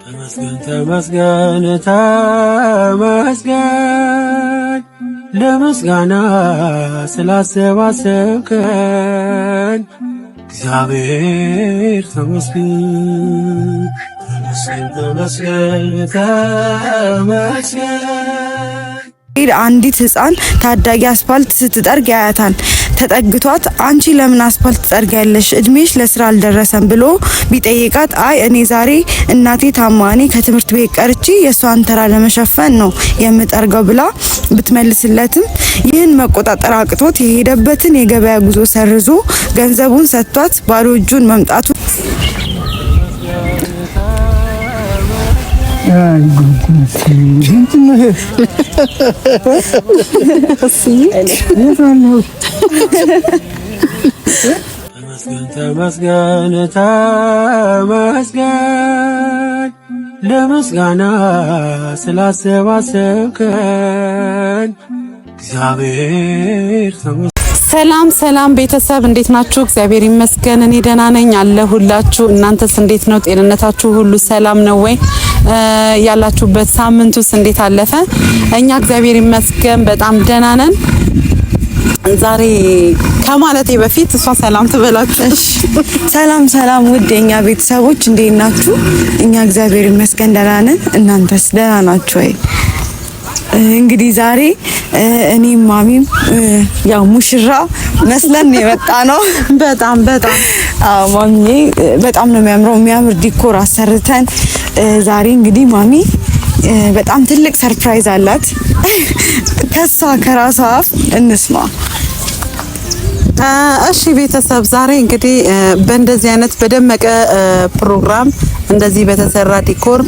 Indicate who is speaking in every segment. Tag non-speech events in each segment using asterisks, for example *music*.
Speaker 1: ተመስገን ተመስገን ተመስገን ለምስጋና ስላሰባሰብከን እግዚአብሔር ተመስገን ተመስገን ተመስገን
Speaker 2: ሲል አንዲት ህፃን ታዳጊ አስፓልት ስትጠርግ ያያታል። ተጠግቷት አንቺ ለምን አስፓልት ትጠርጊያለሽ? እድሜሽ ለስራ አልደረሰም ብሎ ቢጠይቃት አይ እኔ ዛሬ እናቴ ታማኔ ከትምህርት ቤት ቀርቺ የእሷን ተራ ለመሸፈን ነው የምጠርገው ብላ ብትመልስለትም ይህን መቆጣጠር አቅቶት የሄደበትን የገበያ ጉዞ ሰርዞ ገንዘቡን ሰጥቷት ባዶ እጁን መምጣቱ ተመስገን ተመስገን ተመስገን ለምስጋና ስላሰባሰብከን እግዚአብሔር ሰላም ሰላም ቤተሰብ እንዴት ናችሁ? እግዚአብሔር ይመስገን እኔ ደህና ነኝ አለሁላችሁ። እናንተስ እንዴት ነው? ጤንነታችሁ ሁሉ ሰላም ነው ወይ? ያላችሁበት ሳምንቱስ እንዴት አለፈ? እኛ እግዚአብሔር ይመስገን በጣም ደህና ነን። ዛሬ ከማለቴ በፊት እሷ ሰላም ትበላችሁ። ሰላም ሰላም፣ ውድ የኛ ቤተሰቦች እንዴት ናችሁ? እኛ እግዚአብሔር ይመስገን ደህና ነን። እናንተስ ደህና ናችሁ ወይ? እንግዲህ ዛሬ እኔም ማሚም ያው ሙሽራ መስለን የመጣ ነው። በጣም በጣም ማሚ በጣም ነው የሚያምረው። የሚያምር ዲኮር አሰርተን ዛሬ እንግዲህ ማሚ በጣም ትልቅ ሰርፕራይዝ አላት። ከሷ ከራሷ አፍ እንስማ። እሺ ቤተሰብ ዛሬ እንግዲህ በእንደዚህ አይነት በደመቀ ፕሮግራም እንደዚህ በተሰራ ዲኮር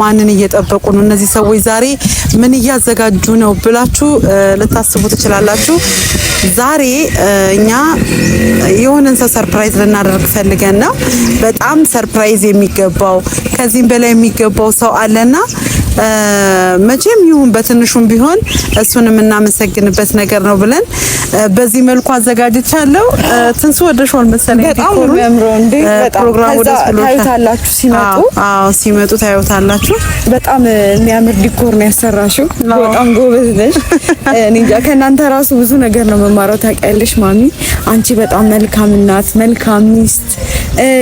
Speaker 2: ማንን እየጠበቁ ነው እነዚህ ሰዎች? ዛሬ ምን እያዘጋጁ ነው ብላችሁ ልታስቡ ትችላላችሁ። ዛሬ እኛ የሆነን ሰው ሰርፕራይዝ ልናደርግ ፈልገን ነው። በጣም ሰርፕራይዝ የሚገባው ከዚህም በላይ የሚገባው ሰው አለና መቼም ይሁን በትንሹም ቢሆን እሱን የምናመሰግንበት ነገር ነው ብለን በዚህ መልኩ አዘጋጅቻለሁ። ትንሱ ወደሽዋል መሰለኝ። በጣም ነው የሚያምረው እንዴ! በጣም ታዩታላችሁ፣ ሲመጡ አዎ፣ ሲመጡ ታዩታላችሁ። በጣም የሚያምር ዲኮር ነው ያሰራሽው። በጣም ጎበዝ ነሽ። እኔ እንጃ ከእናንተ ራሱ ብዙ ነገር ነው መማረው። ታውቂያለሽ ማሚ፣ አንቺ በጣም መልካም እናት፣ መልካም ሚስት፣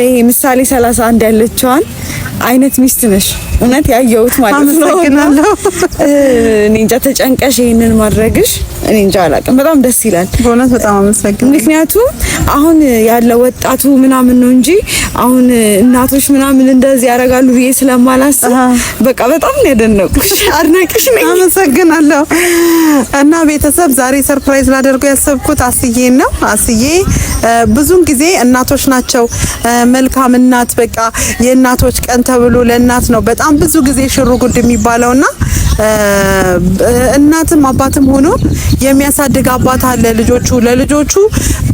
Speaker 2: ይሄ ምሳሌ 31 ያለችዋን አይነት ሚስት ነሽ። እውነት ያየሁት ማለት ነው። *laughs* እኔ እንጃ ተጨንቀሽ ይህንን ማድረግሽ እኔ እንጃ አላውቅም። በጣም ደስ ይላል በእውነት በጣም አመሰግናለሁ። ምክንያቱም አሁን ያለው ወጣቱ ምናምን ነው እንጂ አሁን እናቶች ምናምን እንደዚህ ያደርጋሉ ብዬ ስለማላስብ በቃ በጣም ነው ያደነቁሽ። *laughs* አድናቂሽ ነኝ። አመሰግናለሁ። እና ቤተሰብ ዛሬ ሰርፕራይዝ ላደርገው ያሰብኩት አስዬ ነው። አስዬ ብዙን ጊዜ እናቶች ናቸው መልካም እናት በቃ የእናቶች ቀን ተብሎ ለእናት ነው በጣም ብዙ ጊዜ ሽሩ ጉድ የሚባለውና እናትም አባትም ሆኖ የሚያሳድግ አባት አለ። ልጆቹ ለልጆቹ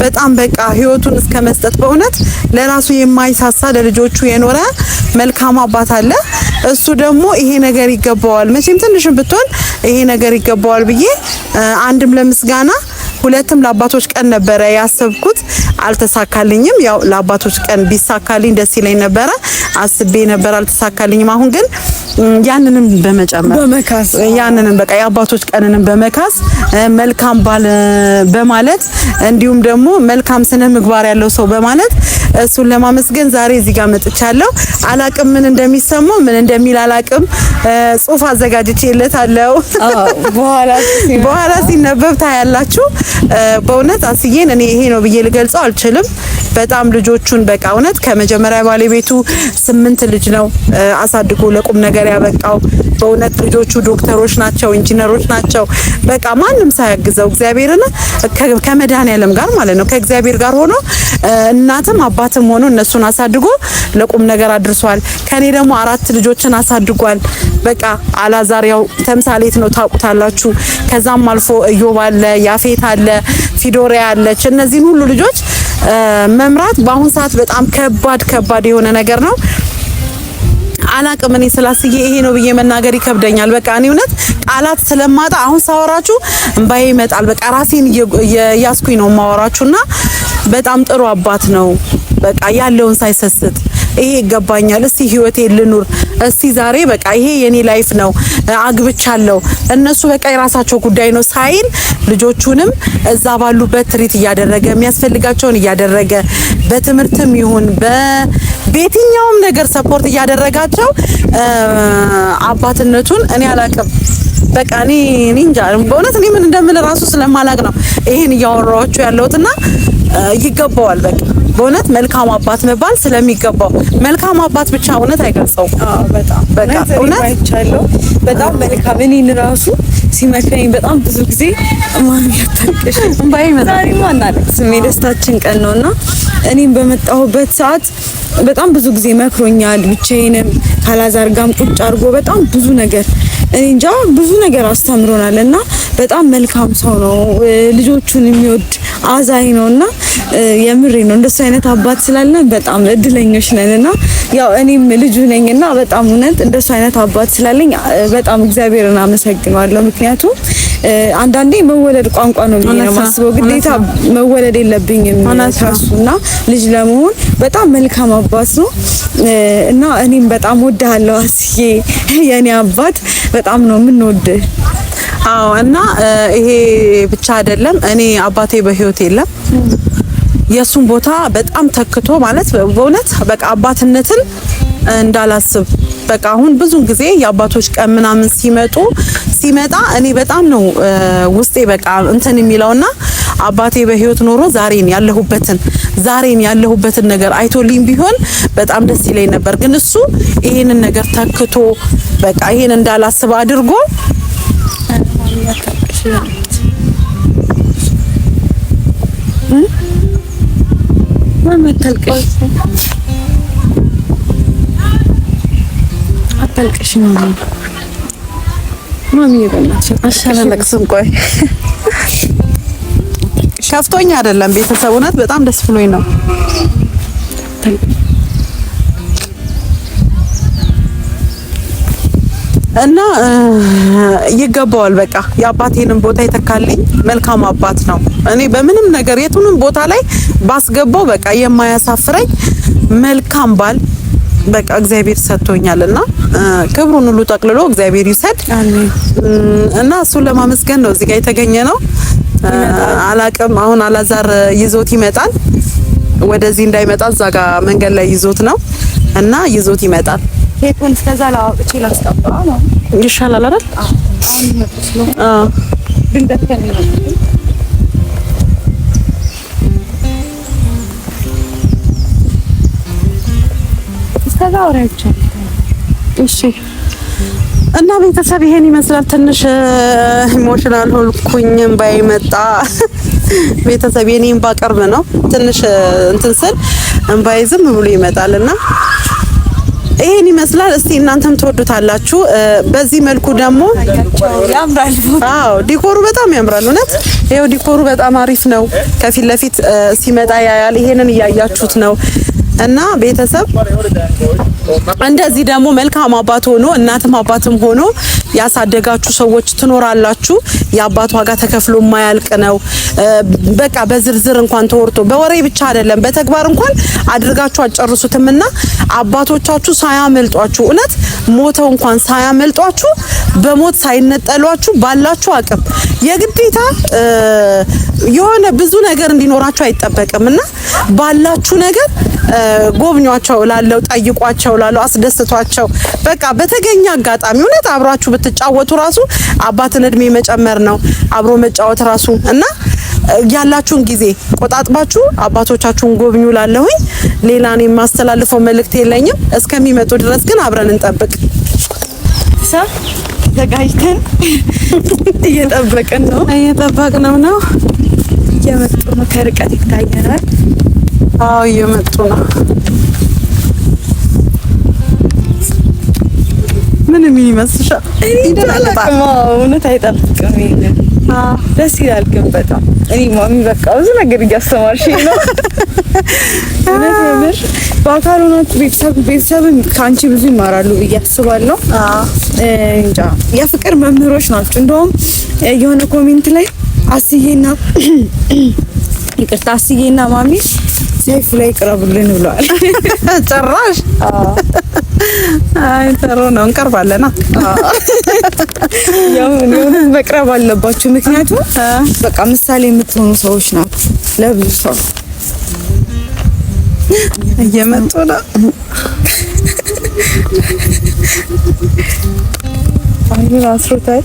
Speaker 2: በጣም በቃ ህይወቱን እስከ መስጠት በእውነት ለራሱ የማይሳሳ ለልጆቹ የኖረ መልካም አባት አለ። እሱ ደግሞ ይሄ ነገር ይገባዋል፣ መቼም ትንሽም ብትሆን ይሄ ነገር ይገባዋል ብዬ አንድም ለምስጋና ሁለትም ለአባቶች ቀን ነበረ ያሰብኩት፣ አልተሳካልኝም። ያው ለአባቶች ቀን ቢሳካልኝ ደስ ይለኝ ነበረ አስቤ ነበር፣ አልተሳካልኝም። አሁን ግን ያንንም በመጨመር በመካስ ያንንም በቃ የአባቶች ቀንንም በመካስ መልካም ባል በማለት እንዲሁም ደግሞ መልካም ስነ ምግባር ያለው ሰው በማለት እሱን ለማመስገን ዛሬ እዚህ ጋር መጥቻለሁ። አላቅም ምን እንደሚሰማው ምን እንደሚል አላቅም። ጽሁፍ አዘጋጅቼለታለሁ። በኋላ *laughs* በኋላ ሲነበብ ታያላችሁ። በእውነት አስዬን እኔ ይሄ ነው ብዬ ልገልጸው አልችልም። በጣም ልጆቹን በቃ እውነት ከመጀመሪያ ባለቤቱ ስምንት ልጅ ነው አሳድጎ ለቁም ነገር ነገር ያበቃው። በእውነት ልጆቹ ዶክተሮች ናቸው፣ ኢንጂነሮች ናቸው። በቃ ማንም ሳያግዘው እግዚአብሔርን ከመድኃኔዓለም ጋር ማለት ነው ከእግዚአብሔር ጋር ሆኖ እናትም አባትም ሆኖ እነሱን አሳድጎ ለቁም ነገር አድርሷል። ከኔ ደግሞ አራት ልጆችን አሳድጓል። በቃ አላዛር ያው ተምሳሌት ነው ታውቁታላችሁ። ከዛም አልፎ እዮብ አለ፣ ያፌት አለ፣ ፊዶሪያ አለች። እነዚህን ሁሉ ልጆች መምራት በአሁን ሰዓት በጣም ከባድ ከባድ የሆነ ነገር ነው። አላቅም። እኔ ስላስዬ ይሄ ነው ብዬ መናገር ይከብደኛል። በቃ እኔ እውነት ቃላት ስለማጣ አሁን ሳወራችሁ እምባዬ ይመጣል። በቃ ራሴን እያስኩኝ ነው ማወራችሁና በጣም ጥሩ አባት ነው። በቃ ያለውን ሳይሰስት ይሄ ይገባኛል፣ እስቲ ህይወቴ ልኑር እስቲ ዛሬ በቃ ይሄ የኔ ላይፍ ነው አግብቻለሁ፣ እነሱ በቃ የራሳቸው ጉዳይ ነው ሳይል ልጆቹንም እዛ ባሉበት ትሪት እያደረገ የሚያስፈልጋቸውን እያደረገ በትምህርትም ይሁን በየትኛውም ነገር ሰፖርት እያደረጋቸው አባትነቱን እኔ አላቅም። በቃ እኔ እንጃ በእውነት እኔ ምን እንደምል ራሱ ስለማላቅ ነው ይሄን እያወራኋችሁ ያለሁትና ይገባዋል በቃ በእውነት መልካም አባት መባል ስለሚገባው መልካም አባት ብቻ እውነት አይገልጸውም። በጣም በቃ እውነት አይቻለሁ። በጣም መልካም እኔን ራሱ ሲመክረኝ በጣም ብዙ ጊዜ ማን ያታቀሽ የደስታችን ቀን ነው እና እኔም በመጣሁበት ሰዓት በጣም ብዙ ጊዜ መክሮኛል። ብቻዬንም ካላዛር ጋም ቁጭ አድርጎ በጣም ብዙ ነገር እንጃ ብዙ ነገር አስተምሮናል እና በጣም መልካም ሰው ነው ልጆቹን የሚወድ አዛኝ ነው እና የምሬ ነው እንደሱ አይነት አባት ስላለን በጣም እድለኞች ነን እና ያው እኔም ልጁ ነኝ እና በጣም እውነት እንደሱ አይነት አባት ስላለኝ በጣም እግዚአብሔርን አመሰግነዋለሁ። ምክንያቱም አንዳንዴ መወለድ ቋንቋ ነው ብዬ ነው ማስበው። ግዴታ መወለድ የለብኝም ከእሱና ልጅ ለመሆን በጣም መልካም አባት ነው እና እኔም በጣም ወድሃለሁ አስዬ፣ የኔ አባት በጣም ነው የምንወድ አዎ። እና ይሄ ብቻ አይደለም። እኔ አባቴ በህይወት የለም። የሱን ቦታ በጣም ተክቶ ማለት በእውነት በቃ አባትነትን እንዳላስብ በቃ አሁን ብዙ ጊዜ የአባቶች ቀን ምናምን ሲመጡ ሲመጣ እኔ በጣም ነው ውስጤ በቃ እንትን የሚለውና አባቴ በህይወት ኖሮ ዛሬን ያለሁበትን ዛሬን ያለሁበትን ነገር አይቶልኝ ቢሆን በጣም ደስ ይለኝ ነበር። ግን እሱ ይሄንን ነገር ተክቶ በቃ ይሄን እንዳላስብ አድርጎ አታልቅሽ ማሚ በእናትሽ አሻላለቅስም። ቆይ ከፍቶኝ አይደለም ቤተሰብ፣ እውነት በጣም ደስ ብሎኝ ነው። እና ይገባዋል። በቃ የአባቴንም ቦታ የተካልኝ መልካም አባት ነው። እኔ በምንም ነገር የቱንም ቦታ ላይ ባስገባው በቃ የማያሳፍረኝ መልካም ባል በቃ እግዚአብሔር ሰጥቶኛል እና ክብሩን ሁሉ ጠቅልሎ እግዚአብሔር ይሰድ እና እሱን ለማመስገን ነው እዚህ ጋር የተገኘ ነው። አላቅም አሁን አላዛር ይዞት ይመጣል። ወደዚህ እንዳይመጣ እዛ ጋር መንገድ ላይ ይዞት ነው እና ይዞት ይመጣል። ቴፑን እስከዛ ላውጥቼ ላስቀባ ነው ይሻላል አይደል? አዎ። ድንገት እስከዛ ወሬዎች እሺ። እና ቤተሰብ ይሄን ይመስላል። ትንሽ ኢሞሽናል ሆንኩኝ፣ ባይመጣ መጣ። *laughs* ቤተሰብ የኔ ባቀርብ ነው። ትንሽ እንትን ስል እምባዬ ዝም ብሎ ይመጣልና ይሄን ይመስላል። እስቲ እናንተም ትወዱታላችሁ። በዚህ መልኩ ደግሞ ያምራል። አዎ ዲኮሩ በጣም ያምራል። እውነት ይሄው ዲኮሩ በጣም አሪፍ ነው። ከፊት ለፊት ሲመጣ ያያል። ይሄንን እያያችሁት ነው እና ቤተሰብ እንደዚህ ደግሞ መልካም አባት ሆኖ እናትም አባትም ሆኖ ያሳደጋችሁ ሰዎች ትኖራላችሁ። የአባት ዋጋ ተከፍሎ የማያልቅ ነው። በቃ በዝርዝር እንኳን ተወርቶ በወሬ ብቻ አይደለም በተግባር እንኳን አድርጋችሁ እና አባቶቻችሁ ሳያመልጧችሁ እውነት ሞተው እንኳን ሳያመልጧችሁ በሞት ሳይነጠሏችሁ ባላችሁ አቅም የግዴታ የሆነ ብዙ ነገር እንዲኖራቸው አይጠበቅም እና ባላችሁ ነገር ጎብኟቸው ላለው ጠይቋቸው ናቸው ላሉ አስደስቷቸው፣ በቃ በተገኘ አጋጣሚ እውነት አብራችሁ ብትጫወቱ ራሱ አባትን እድሜ መጨመር ነው አብሮ መጫወት ራሱ እና ያላችሁን ጊዜ ቆጣጥባችሁ አባቶቻችሁን ጎብኙ። ላለሁኝ ሌላ እኔ የማስተላልፈው መልእክት የለኝም። እስከሚመጡ ድረስ ግን አብረን እንጠብቅ። ተዘጋጅተን እየጠበቅን ነው እየጠበቅነው ነው። እየመጡ ነው፣ ከርቀት ይታየናል። አዎ እየመጡ ነው። ምን ምን ይመስልሻል? እውነት አይጠብቅም። ደስ ይላል ግን በጣም እኔ ማሚ በቃ ብዙ ነገር እያስተማርሽኝ ነው። *laughs* እውነት በአካል ሆናችሁ ቤተሰብ ቤተሰብም ከአንቺ ብዙ ይማራሉ ብዬ አስባለሁ። እንጃ የፍቅር መምህሮች ናቸው። እንደውም የሆነ ኮሜንት ላይ አስዬና *clears throat* ይቅርታ አስዬና ማሚ ሴፍ ላይ ቅረቡልን ብለዋል። *laughs* ጭራሽ አይ ጥሩ ነው፣ እንቀርባለና ያው መቅረብ አለባችሁ። ምክንያቱም በቃ ምሳሌ የምትሆኑ ሰዎች ናችሁ ለብዙ ሰው። እየመጡ ነው። አይ አስሮታል።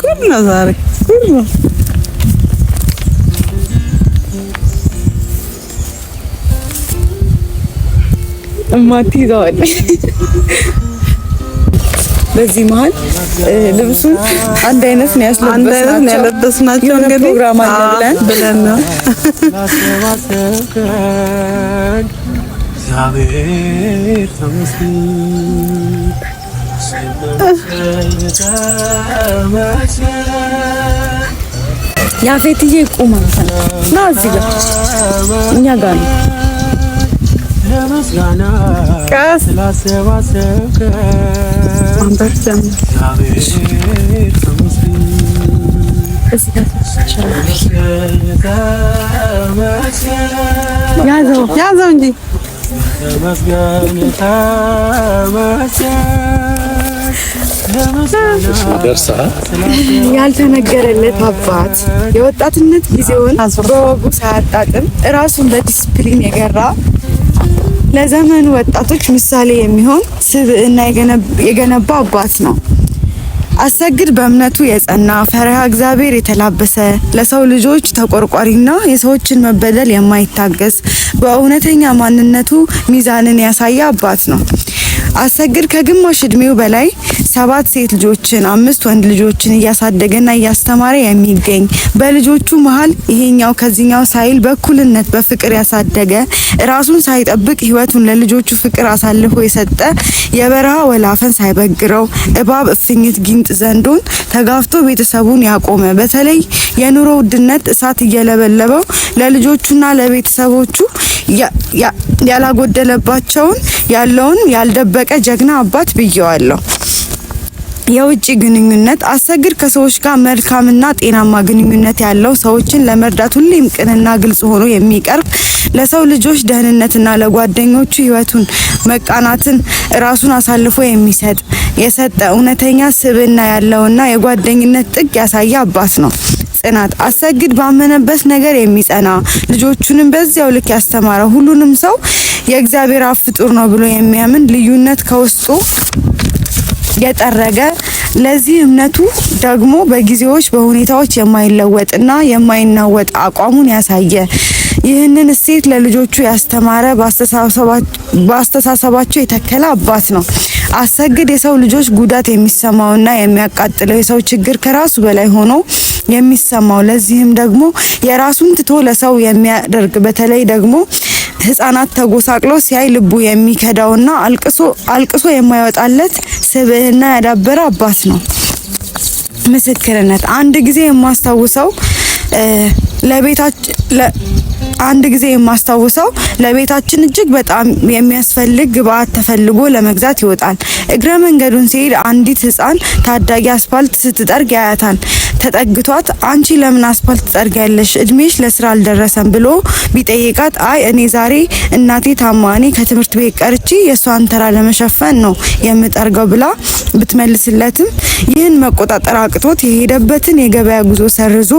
Speaker 2: ጉድ ነው ዛሬ ጉድ ነው። እማትይዘዋለች። በዚህ መሀል ልብሱን አንድ አይነት ነው ያስለበስናቸው። እንግዲህ ፕሮግራም አለ ብለን ብለን ነው ያፌትዬ ቁማ ነው እዚህ ጋር እኛ ጋር ነው ለምስጋና ያዘው እንጂ ያልተነገረለት አባት የወጣትነት ጊዜውን በወጉ ሳያጣጥም እራሱን በዲስፕሊን የገራ ለዘመኑ ወጣቶች ምሳሌ የሚሆን ስብዕና የገነባ አባት ነው። አሰግድ በእምነቱ የጸና ፈሪሃ እግዚአብሔር የተላበሰ ለሰው ልጆች ተቆርቋሪና የሰዎችን መበደል የማይታገስ በእውነተኛ ማንነቱ ሚዛንን ያሳየ አባት ነው። አሰግድ ከግማሽ እድሜው በላይ ሰባት ሴት ልጆችን አምስት ወንድ ልጆችን እያሳደገና እያስተማረ የሚገኝ በልጆቹ መሀል ይሄኛው ከዚህኛው ሳይል በኩልነት በፍቅር ያሳደገ ራሱን ሳይጠብቅ ህይወቱን ለልጆቹ ፍቅር አሳልፎ የሰጠ የበረሃ ወላፈን ሳይበግረው እባብ፣ እፍኝት፣ ጊንጥ ዘንዶን ተጋፍቶ ቤተሰቡን ያቆመ በተለይ የኑሮ ውድነት እሳት እየለበለበው ለልጆቹና ለቤተሰቦቹ ያላጎደለባቸውን ያለውን ያልደበቀ ጀግና አባት ብየዋለሁ። የውጭ ግንኙነት አሰግድ ከሰዎች ጋር መልካምና ጤናማ ግንኙነት ያለው ሰዎችን ለመርዳት ሁሌም ቅንና ግልጽ ሆኖ የሚቀርብ ለሰው ልጆች ደህንነትና ለጓደኞቹ ህይወቱን መቃናትን ራሱን አሳልፎ የሚሰጥ የሰጠ እውነተኛ ስብዕና ያለውና የጓደኝነት ጥግ ያሳየ አባት ነው። ጽናት አሰግድ ባመነበት ነገር የሚጸና ልጆቹንም በዚያው ልክ ያስተማረ ሁሉንም ሰው የእግዚአብሔር አፍጡር ፍጡር ነው ብሎ የሚያምን ልዩነት ከውስጡ የጠረገ ለዚህ እምነቱ ደግሞ በጊዜዎች በሁኔታዎች የማይለወጥና የማይናወጥ አቋሙን ያሳየ ይህንን እሴት ለልጆቹ ያስተማረ በአስተሳሰባቸው የተከለ አባት ነው። አሰግድ የሰው ልጆች ጉዳት የሚሰማውና የሚያቃጥለው የሰው ችግር ከራሱ በላይ ሆኖ የሚሰማው ለዚህም ደግሞ የራሱን ትቶ ለሰው የሚያደርግ በተለይ ደግሞ ህጻናት ተጎሳቅሎ ሲያይ ልቡ የሚከዳውና አልቅሶ አልቅሶ የማይወጣለት ስብዕና ያዳበረ አባት ነው። ምስክርነት አንድ ጊዜ የማስታውሰው ለቤታችን አንድ ጊዜ የማስታውሰው ለቤታችን እጅግ በጣም የሚያስፈልግ ግብአት ተፈልጎ ለመግዛት ይወጣል። እግረ መንገዱን ሲሄድ አንዲት ህፃን ታዳጊ አስፋልት ስትጠርግ ያያታል። ተጠግቷት አንቺ ለምን አስፓልት ጠርጊያለሽ? እድሜሽ ለስራ አልደረሰም ብሎ ቢጠይቃት አይ እኔ ዛሬ እናቴ ታማኔ ከትምህርት ቤት ቀርቼ የእሷን ተራ ለመሸፈን ነው የምጠርገው ብላ ብትመልስለትም ይህን መቆጣጠር አቅቶት የሄደበትን የገበያ ጉዞ ሰርዞ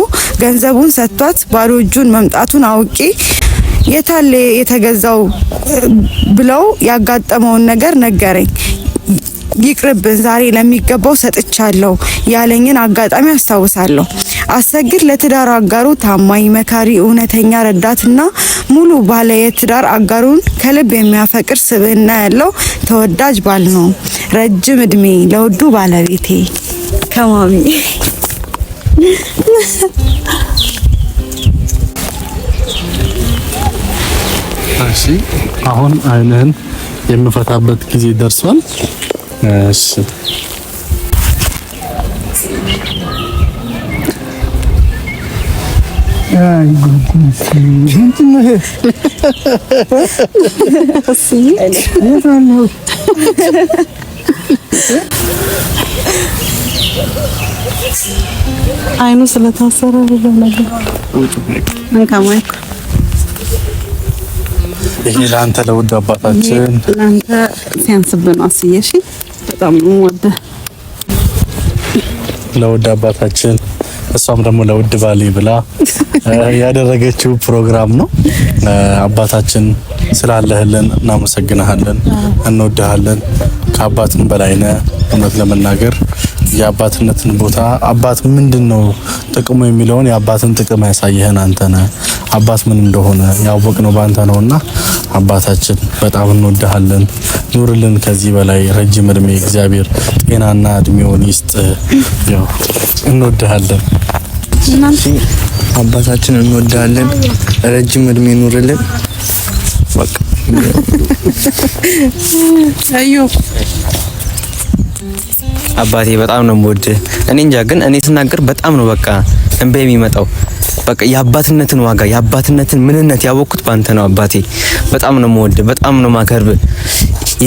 Speaker 2: ገንዘቡን ሰጥቷት ባዶ እጁን መምጣቱን አውቄ የታሌ የተገዛው ብለው ያጋጠመውን ነገር ነገረኝ። ይቅርብን ዛሬ ለሚገባው ሰጥቻለሁ ያለኝን አጋጣሚ አስታውሳለሁ። አሰግድ ለትዳር አጋሩ ታማኝ መካሪ፣ እውነተኛ ረዳትና ሙሉ ባለ የትዳር አጋሩን ከልብ የሚያፈቅር ስብዕና ያለው ተወዳጅ ባል ነው። ረጅም እድሜ ለውዱ ባለቤቴ ከማሚ
Speaker 3: አሁን አይንህን የምፈታበት ጊዜ ደርሷል። አይኑ
Speaker 2: ስለታሰረ ብለው ነገር እንከማይኩ
Speaker 3: ይሄ ለአንተ ለውድ አባታችን
Speaker 2: ለአንተ ሲያንስብን አስዬ እሺ በጣም ነው ወደ
Speaker 3: ለውድ አባታችን እሷም ደግሞ ለውድ ባሌ ብላ *laughs* ያደረገችው ፕሮግራም ነው። አባታችን ስላለህልን እናመሰግናሃለን፣ እንወድሃለን። ከአባትም በላይ ነህ እውነት ለመናገር የአባትነትን ቦታ አባት ምንድን ነው ጥቅሙ የሚለውን የአባትን ጥቅም ያሳየህን አንተ ነህ። አባት ምን እንደሆነ ያወቅ ነው በአንተ ነው እና አባታችን በጣም እንወድሃለን። ኑርልን ከዚህ በላይ ረጅም እድሜ እግዚአብሔር ጤናና እድሜውን ይስጥ። ያው እንወድሃለን። አባታችን እንወድሃለን። ረጅም እድሜ ኑርልን። በቃ አዩ አባቴ በጣም ነው ወድ እኔ እንጃ ግን እኔ ስናገር በጣም ነው በቃ እንበ የሚመጣው በቃ የአባትነትን ዋጋ የአባትነትን ምንነት ያወቅኩት ባንተ ነው አባቴ። በጣም ነው ወድ በጣም ነው ማከርብ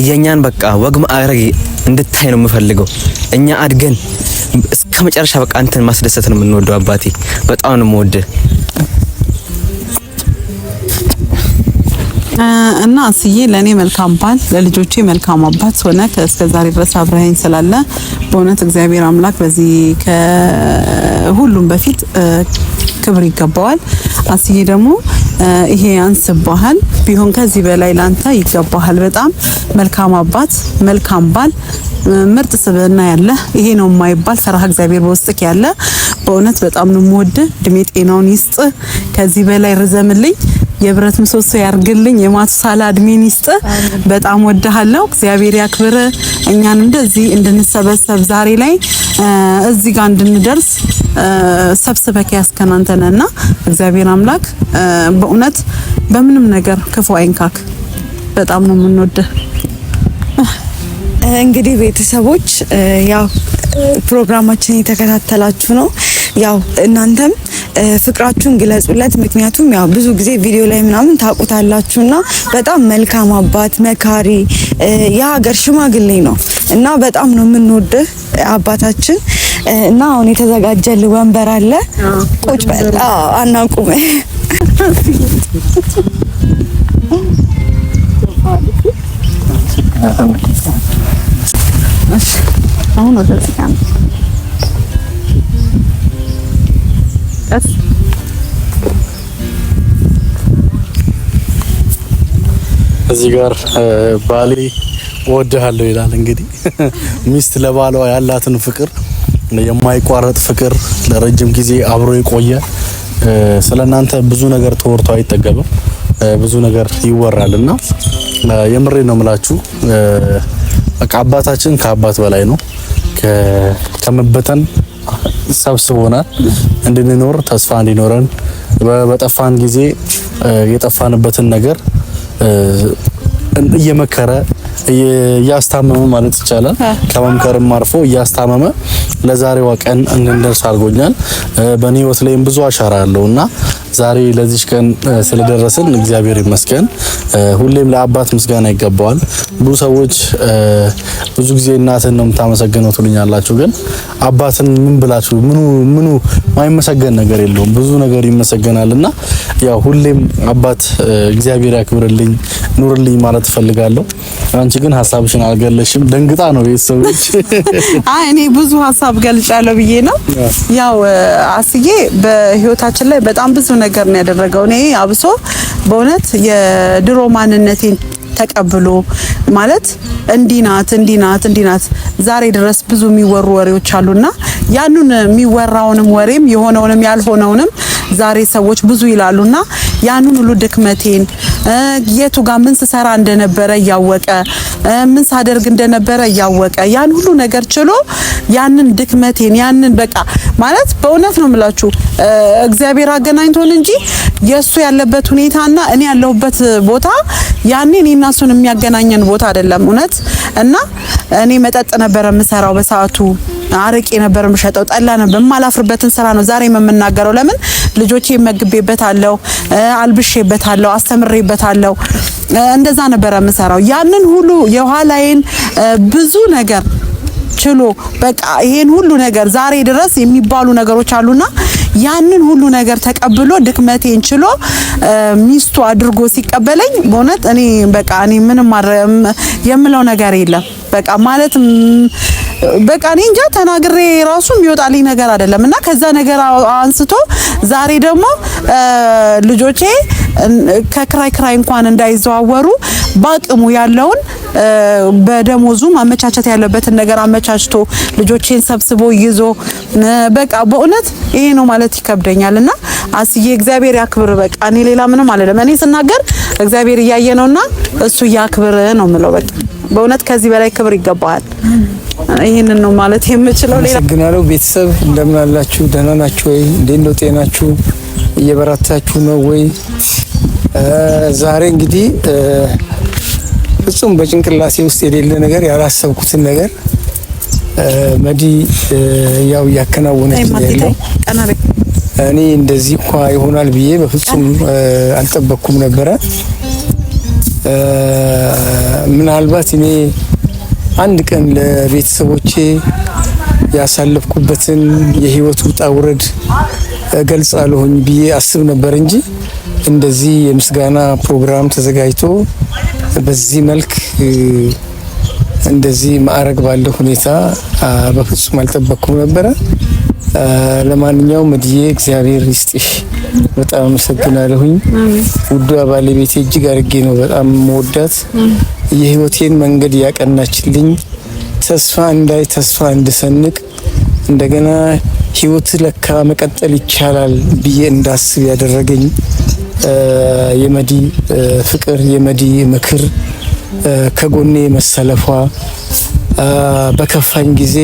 Speaker 3: የኛን በቃ ወግ ማዕረግ እንድታይ ነው የምፈልገው። እኛ አድገን እስከ መጨረሻ በቃ አንተን ማስደሰት ነው የምንወደው አባቴ። በጣም ነው ወድ
Speaker 2: እና አስዬ ለእኔ መልካም ባል ለልጆቼ መልካም አባት ሆነ ዛሬ ድረስ አብረኸኝ ስላለ በእውነት እግዚአብሔር አምላክ በዚህ ከሁሉም በፊት ክብር ይገባዋል። አስዬ ደግሞ ይሄ ያንስባሃል፣ ቢሆን ከዚህ በላይ ላንተ ይገባሃል። በጣም መልካም አባት፣ መልካም ባል፣ ምርጥ ስብዕና ያለ ይሄ ነው የማይባል ፈራህ እግዚአብሔር በውስጥክ ያለ በእውነት በጣም ነው የምወድ። እድሜ ጤናውን ይስጥ፣ ከዚህ በላይ ርዘምልኝ። የብረት ምሰሶ ያርግልኝ፣ የማት ሳላድ ይስጥ። በጣም ወድሃለሁ። እግዚአብሔር ያክብር። እኛን እንደዚህ እንድንሰበሰብ ዛሬ ላይ እዚህ ጋር እንድንደርስ ሰብስበክ ያስከናንተነና እግዚአብሔር አምላክ በእውነት በምንም ነገር ክፉ አይንካክ። በጣም ነው የምንወደህ። እንግዲህ ቤተሰቦች ያው ፕሮግራማችን የተከታተላችሁ ነው። ያው እናንተም ፍቅራችሁን ግለጹለት። ምክንያቱም ያው ብዙ ጊዜ ቪዲዮ ላይ ምናምን ታውቁታላችሁና በጣም መልካም አባት፣ መካሪ፣ የሀገር ሽማግሌ ነው እና በጣም ነው የምንወድህ አባታችን እና አሁን የተዘጋጀል ወንበር አለ። ቁጭ በል። አናቁም። አሁን ወደ
Speaker 3: ለመጠጣት እዚህ ጋር ባሌ እወድሃለሁ ይላል። እንግዲህ *laughs* ሚስት ለባሏ ያላትን ፍቅር የማይቋረጥ ፍቅር ለረጅም ጊዜ አብሮ የቆየ ስለ እናንተ ብዙ ነገር ተወርቶ አይጠገብም። ብዙ ነገር ይወራል እና የምሬ ነው የምላችሁ። በቃ አባታችን ከአባት በላይ ነው ከመበተን ሰብስቦናል እንድንኖር ተስፋ እንዲኖረን በጠፋን ጊዜ የጠፋንበትን ነገር እየመከረ እያስታመመ ማለት ይቻላል። ከመምከርም አርፎ እያስታመመ ለዛሬዋ ቀን እንድንደርስ አድርጎኛል። በእኔ ህይወት ላይም ብዙ አሻራ አለው እና ዛሬ ለዚህ ቀን ስለደረስን እግዚአብሔር ይመስገን። ሁሌም ለአባት ምስጋና ይገባዋል። ብዙ ሰዎች ብዙ ጊዜ እናትን ነው የምታመሰግነው ትሉኛላችሁ፣ ግን አባትን ምን ብላችሁ ምኑ ምኑ ማይመሰገን ነገር የለውም ብዙ ነገር ይመሰገናልና ያው ሁሌም አባት እግዚአብሔር ያክብርልኝ ኑርልኝ ማለት እፈልጋለሁ። አንቺ ግን ሀሳብሽን አልገለሽም። ደንግጣ ነው ቤተሰቦች።
Speaker 2: *laughs* አይ እኔ ብዙ ሀሳብ ገልጫለሁ ብዬ ነው ያው አስዬ በህይወታችን ላይ በጣም ብዙ ነገር ነው ያደረገው። እኔ አብሶ በእውነት የድሮ ማንነቴን ተቀብሎ ማለት እንዲናት ናት እንዲናት ናት ናት ዛሬ ድረስ ብዙ የሚወሩ ወሬዎች አሉና ያኑን የሚወራውንም ወሬም የሆነውንም ያልሆነውንም ዛሬ ሰዎች ብዙ ይላሉና ያንን ሁሉ ድክመቴን የቱ ጋር ምን ስሰራ እንደነበረ እያወቀ ምን ሳደርግ እንደነበረ እያወቀ ያን ሁሉ ነገር ችሎ ያንን ድክመቴን ያንን በቃ ማለት በእውነት ነው የምላችሁ እግዚአብሔር አገናኝቶን እንጂ የእሱ ያለበት ሁኔታና እኔ ያለሁበት ቦታ ያኔ እኔና እሱን የሚያገናኘን ቦታ አይደለም እውነት እና እኔ መጠጥ ነበረ የምሰራው በሰዓቱ አረቄ ነበር የምሸጠው፣ ጠላ ነበር። የማላፍርበትን ስራ ነው ዛሬ የምናገረው። ለምን ልጆቼ መግቤበታለሁ፣ አልብሼበታለሁ፣ አስተምሬበታለሁ። እንደዛ ነበር የምሰራው። ያንን ሁሉ የኋላዬን ብዙ ነገር ችሎ በቃ ይሄን ሁሉ ነገር ዛሬ ድረስ የሚባሉ ነገሮች አሉና ያንን ሁሉ ነገር ተቀብሎ ድክመቴን ችሎ ሚስቱ አድርጎ ሲቀበለኝ በእውነት እኔ በቃ እኔ ምንም የምለው ነገር የለም። በቃ ማለት በቃ እኔ እንጃ ተናግሬ ራሱ የሚወጣልኝ ነገር አይደለም እና ከዛ ነገር አንስቶ ዛሬ ደግሞ ልጆቼ ከክራይ ክራይ እንኳን እንዳይዘዋወሩ በአቅሙ ያለውን በደሞዙ ማመቻቸት ያለበትን ነገር አመቻችቶ ልጆቼን ሰብስቦ ይዞ በቃ በእውነት ይሄ ነው ማለት ይከብደኛል። እና አስዬ እግዚአብሔር ያክብር። በቃ እኔ ሌላ ምንም አልልም። እኔ ስናገር እግዚአብሔር እያየ ነውና እሱ ያክብር ነው ምለው። በቃ በእውነት ከዚህ በላይ ክብር ይገባዋል። ይህንን ነው ማለት የምችለው።
Speaker 3: አመሰግናለሁ። ቤተሰብ እንደምን አላችሁ? ደህና ናችሁ ወይ? እንዴት ነው ጤናችሁ? እየበረታችሁ ነው ወይ? ዛሬ እንግዲህ ፍጹም በጭንቅላሴ ውስጥ የሌለ ነገር ያላሰብኩትን ነገር መዲ ያው እያከናወነች ያለው እኔ እንደዚህ እንኳ ይሆናል ብዬ በፍጹም አልጠበቅኩም ነበረ። ምናልባት እኔ አንድ ቀን ለቤተሰቦቼ ያሳለፍኩበትን የህይወት ውጣ ውረድ እገልጻለሁኝ ብዬ አስብ ነበር እንጂ እንደዚህ የምስጋና ፕሮግራም ተዘጋጅቶ በዚህ መልክ እንደዚህ ማዕረግ ባለው ሁኔታ በፍጹም አልጠበቅኩም ነበረ። ለማንኛውም እድዬ እግዚአብሔር ይስጥሽ፣ በጣም አመሰግናለሁኝ። ውዷ ባለቤቴ እጅግ አድርጌ ነው በጣም መወዳት። የህይወቴን መንገድ ያቀናችልኝ፣ ተስፋ እንዳይ ተስፋ እንድሰንቅ እንደገና ህይወት ለካ መቀጠል ይቻላል ብዬ እንዳስብ ያደረገኝ የመዲ ፍቅር፣ የመዲ ምክር፣ ከጎኔ መሰለፏ በከፋኝ ጊዜ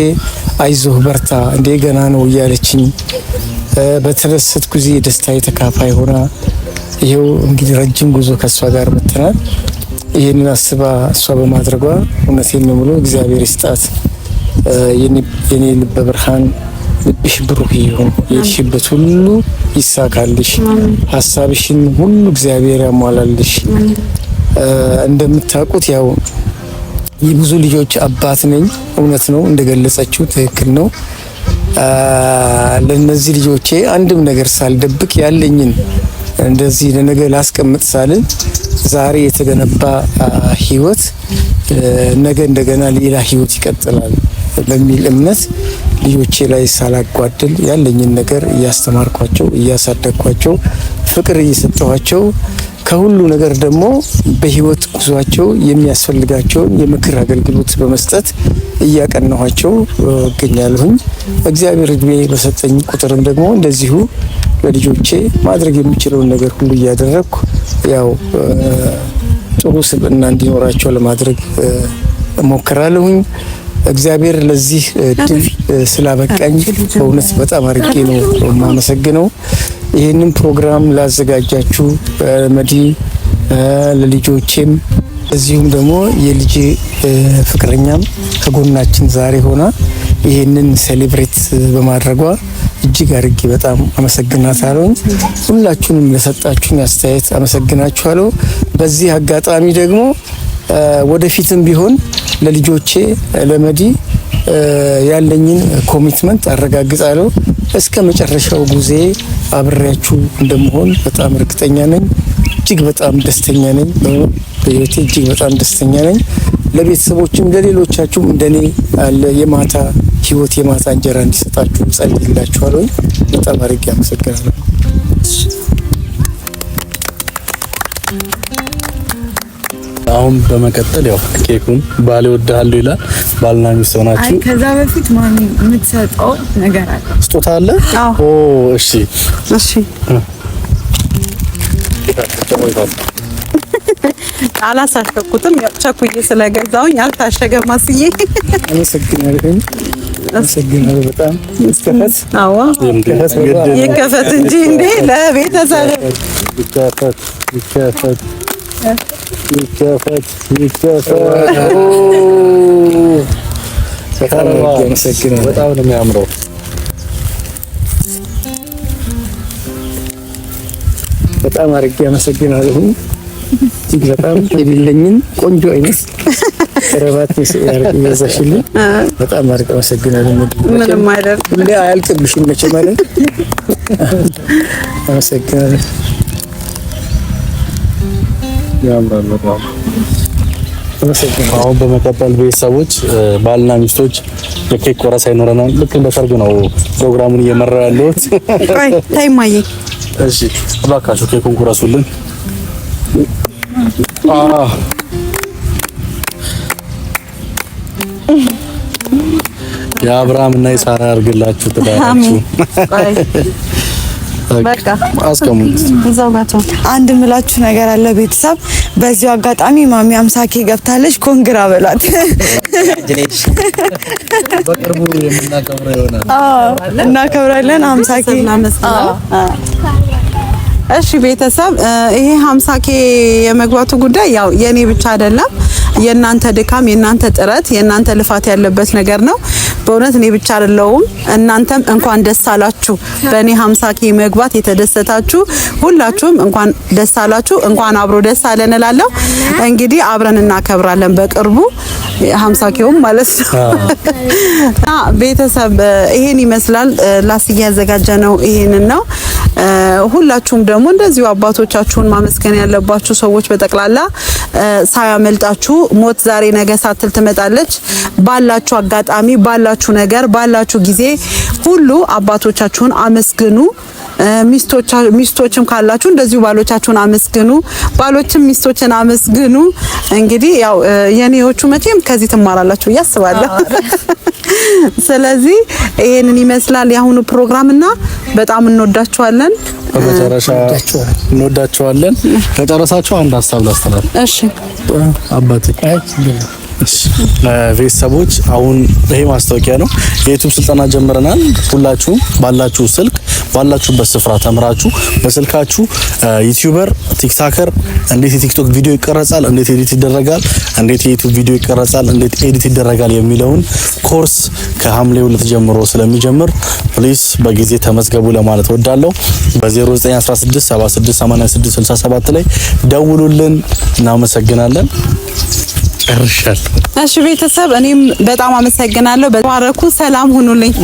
Speaker 3: አይዞህ በርታ እንዴ ገና ነው እያለችኝ በተደሰትኩ ጊዜ የደስታዬ ተካፋይ ሆና ይሄው እንግዲህ ረጅም ጉዞ ከእሷ ጋር መጥተናል። ይህንን አስባ እሷ በማድረጓ እውነቴን ነው ብሎ እግዚአብሔር ይስጣት የኔ ልበ ብርሃን ልብሽ ብሩህ ይሁን፣ የሄድሽበት ሁሉ ይሳካልሽ፣ ሀሳብሽን ሁሉ እግዚአብሔር ያሟላልሽ። እንደምታውቁት ያው የብዙ ልጆች አባት ነኝ። እውነት ነው፣ እንደገለጸችው ትክክል ነው። ለነዚህ ልጆቼ አንድም ነገር ሳልደብቅ ያለኝን እንደዚህ ለነገ ላስቀምጥ ሳልን ዛሬ የተገነባ ህይወት ነገ እንደገና ሌላ ህይወት ይቀጥላል። በሚል እምነት ልጆቼ ላይ ሳላጓድል ያለኝን ነገር እያስተማርኳቸው እያሳደግኳቸው ፍቅር እየሰጠኋቸው ከሁሉ ነገር ደግሞ በህይወት ጉዟቸው የሚያስፈልጋቸውን የምክር አገልግሎት በመስጠት እያቀናኋቸው እገኛለሁኝ። እግዚአብሔር እድሜ በሰጠኝ ቁጥርም ደግሞ እንደዚሁ ለልጆቼ ማድረግ የሚችለውን ነገር ሁሉ እያደረግኩ ያው ጥሩ ስብዕና እንዲኖራቸው ለማድረግ እሞክራለሁኝ። እግዚአብሔር ለዚህ ድል ስላበቃኝ በእውነት በጣም አርጌ ነው የማመሰግነው። ይህንን ፕሮግራም ላዘጋጃችሁ መዲ ለልጆቼም እዚሁም ደግሞ የልጄ ፍቅረኛም ከጎናችን ዛሬ ሆና ይህንን ሴሌብሬት በማድረጓ እጅግ አድርጌ በጣም አመሰግናታለሁ። ሁላችሁንም ለሰጣችሁን አስተያየት አመሰግናችኋለሁ። በዚህ አጋጣሚ ደግሞ ወደፊትም ቢሆን ለልጆቼ ለመዲ ያለኝን ኮሚትመንት አረጋግጣለሁ። እስከ መጨረሻው ጊዜ አብሬያችሁ እንደመሆን በጣም እርግጠኛ ነኝ። እጅግ በጣም ደስተኛ ነኝ። በህይወቴ እጅግ በጣም ደስተኛ ነኝ። ለቤተሰቦችም ለሌሎቻችሁም እንደኔ ያለ የማታ ህይወት የማታ እንጀራ እንዲሰጣችሁ ጸልይላችኋለሁ። በጣም አድርጌ አመሰግናለሁ። አሁን በመቀጠል ያው ኬኩን ባሌ ወድሃለሁ ይላል። ባልና ሚስት ሆናችሁ
Speaker 2: አይ፣ ከዛ በፊት ማሚ የምትሰጠው ነገር አለ፣
Speaker 3: ስጦታ አለ። ኦ እሺ፣
Speaker 2: እሺ፣ አላሳሸኩትም። ያው ቸኩዬ ስለገዛውኝ አልታሸገ ማስዬ
Speaker 3: አመሰግናለሁ በጣም ይስከፈት።
Speaker 2: አዎ ይከፈት እንጂ እንዴ ለቤተሰብ
Speaker 3: ይከፈት፣ ይከፈት ይከፈት ይከፈት። በጣም ነው የሚያምረው። በጣም አድርጌ አመሰግናለሁ። በጣም የሌለኝን ቆንጆ አይነት ከረባት ያርቅ በጣም አድርጌ አመሰግናለሁ። ምንም አያልቅብሽም መቼ ማለት አመሰግናለሁ። አሁን በመቀጠል ቤተሰቦች ባልና ሚስቶች የኬክ ቆረስ ይኖረናል። ልክ እንደ ሰርግ ነው ፕሮግራሙን እየመራው ያለሁት። ታይማዬ እሺ፣ እባካችሁ ኬኩን ቁረሱልን። የአብርሃም እና የሳራ ያርግላችሁ ትዳራችሁ። በቃ እዛው
Speaker 2: ጋር አንድ ምላችሁ ነገር አለ ቤተሰብ። በዚሁ አጋጣሚ ማሚ አምሳኬ ገብታለች። ኮንግራ በሏት።
Speaker 3: በቅርቡ የምናከብረው ይሆናል።
Speaker 2: እናከብራለን። አምሳኬ እሺ ቤተሰብ ይሄ 50k የመግባቱ ጉዳይ ያው የኔ ብቻ አይደለም። የእናንተ ድካም፣ የእናንተ ጥረት፣ የእናንተ ልፋት ያለበት ነገር ነው። በእውነት እኔ ብቻ አይደለውም። እናንተም እንኳን ደስ አላችሁ። በእኔ 50 ኬ መግባት የተደሰታችሁ ሁላችሁም እንኳን ደስ አላችሁ፣ እንኳን አብሮ ደስ አለን እላለሁ። እንግዲህ አብረን እናከብራለን በቅርቡ 50 ኬውም ማለት ነው። ቤተሰብ ይሄን ይመስላል። ላስ ያዘጋጀ ነው ይሄንን ነው። ሁላችሁም ደግሞ እንደዚሁ አባቶቻችሁን ማመስገን ያለባችሁ ሰዎች በጠቅላላ ሳያመልጣችሁ፣ ሞት ዛሬ ነገ ሳትል ትመጣለች። ባላችሁ አጋጣሚ፣ ባላችሁ ነገር፣ ባላችሁ ጊዜ ሁሉ አባቶቻችሁን አመስግኑ። ሚስቶችም ካላችሁ እንደዚሁ ባሎቻችሁን አመስግኑ፣ ባሎችም ሚስቶችን አመስግኑ። እንግዲህ ያው የኔዎቹ መቼም ከዚህ ትማራላችሁ ብዬ አስባለሁ። *laughs* ስለዚህ ይሄንን ይመስላል የአሁኑ ፕሮግራምና በጣም እንወዳችኋለን።
Speaker 3: በመጨረሻ እንወዳችኋለን። ከጨረሳችሁ አንድ ሀሳብ ላስተላልፍ። እሺ አባቴ ቤተሰቦች አሁን ይሄ ማስታወቂያ ነው። የዩቱብ ስልጠና ጀምረናል። ሁላችሁም ባላችሁ ስልክ ባላችሁበት ስፍራ ተምራችሁ በስልካችሁ ዩቲዩበር፣ ቲክታከር እንዴት የቲክቶክ ቪዲዮ ይቀረጻል፣ እንዴት ኤዲት ይደረጋል፣ እንዴት የዩቱብ ቪዲዮ ይቀረጻል፣ እንዴት ኤዲት ይደረጋል የሚለውን ኮርስ ከሐምሌ ሁለት ጀምሮ ስለሚጀምር ፕሊስ በጊዜ ተመዝገቡ ለማለት ወዳለሁ። በ0916 ላይ ደውሉልን። እናመሰግናለን። ጨርሻለሁ።
Speaker 2: እሺ ቤተሰብ፣ እኔም በጣም አመሰግናለሁ። በተባረኩ። ሰላም ሁኑልኝ።